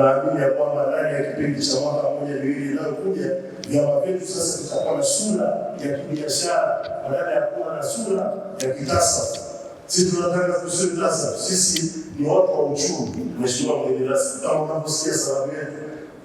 Naamini ya kwamba ndani ya kipindi cha mwaka mmoja miwili inayokuja, vyama vyetu sasa vitakuwa na sura ya kibiashara badala ya kuwa na sura ya kitasa. Sisi tunataka kusio tasa, sisi ni watu wa uchumi. Mheshimiwa mgeni rasmi, kama unavyosikia salamu yetu,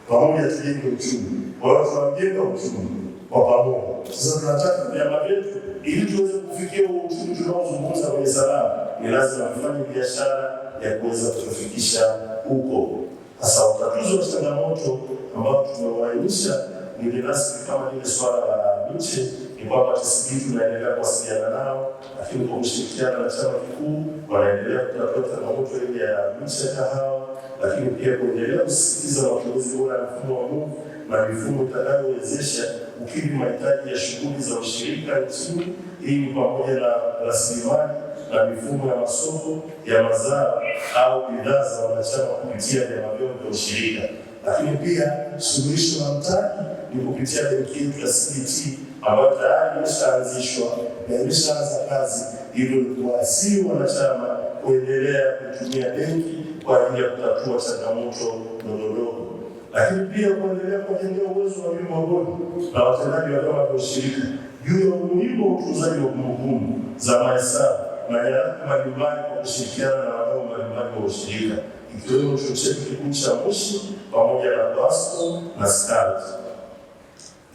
pamoja tujenge uchumi, kwa hiyo tunajenga uchumi kwa pamoja. Sasa tunataka vyama vyetu, ili tuweze kufikia huo uchumi tunaozungumza kwenye salamu, ni lazima tufanye biashara ya kuweza kutufikisha huko. Sasa utatuzi wa changamoto ambayo tumewainisha ni binafsi kama lile swala la miche, ni kwamba TCB tunaendelea kuwasiliana nao, lakini kwa kushirikiana na chama kikuu wanaendelea kutatua changamoto ile ya miche kahawa, lakini pia kuendelea kusikiza matumizi bora ya mfumo wa MOVU na mifumo itakayowezesha kukidhi mahitaji ya shughuli za ushirika nchini. Hii ni pamoja na rasilimali na mifumo ya masoko ya mazao au bidhaa za wanachama kupitia vyama vyao vya ushirika. Lakini pia suluhisho la mtaji ni kupitia benki yetu ya CBT ambayo tayari imeshaanzishwa na imeshaanza kazi, hivyo ni kuwasihi wanachama kuendelea kutumia benki kwa ajili ya kutatua changamoto ndogondogo lakini pia kuendelea kuwajengea uwezo wa miongoni na watendaji wa vyama vya ushirika juu ya umuhimu wa utunzaji wa kumbukumbu za mahesabu na nyaraka mbalimbali kwa kushirikiana na wadau mbalimbali wa ushirika ikiwemo chuo chetu kikuu cha Moshi pamoja na Basto na SCCT.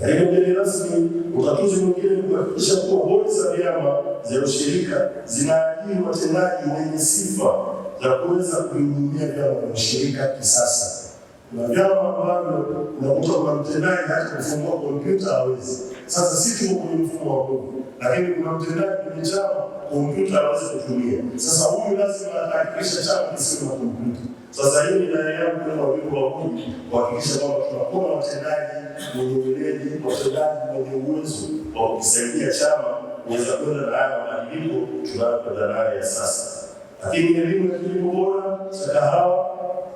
Katika ugeni rasmi, utatuzi mwingine ni kuhakikisha kuwa bodi za vyama vya ushirika zinaajiri watendaji wenye sifa za kuweza kuhudumia vyama vya ushirika kisasa na vyama ambavyo unakuta kwa mtendaji hata kufungua kompyuta hawezi. Sasa si tuko kwenye mfumo wa Mungu, lakini kuna mtendaji kwenye chama kompyuta hawezi kutumia. Sasa huyu lazima atahakikisha chama kisina kompyuta. Sasa hii ni dai yangu kwa wimbo wa Mungu kuhakikisha kwamba tunakuwa na watendaji wenye weledi, watendaji wenye uwezo wa kusaidia chama kuweza kwenda na haya mabadiliko tunayokwenda nayo ya sasa. Lakini elimu ya kilimo bora cha kahawa,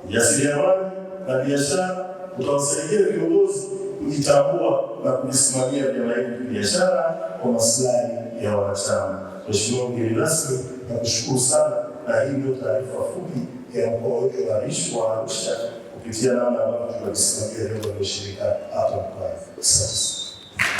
ujasiriamali na biashara utawasaidia viongozi kujitambua na kujisimamia vyama hivi vya biashara kwa maslahi ya wanachama. Mheshimiwa mgeni rasmi, nakushukuru sana, na hii ndio taarifa fupi ya mkoa wetu wa Arusha kupitia namna ambavyo tunajisimamia leo vya ushirika hapa mkoani. Asante.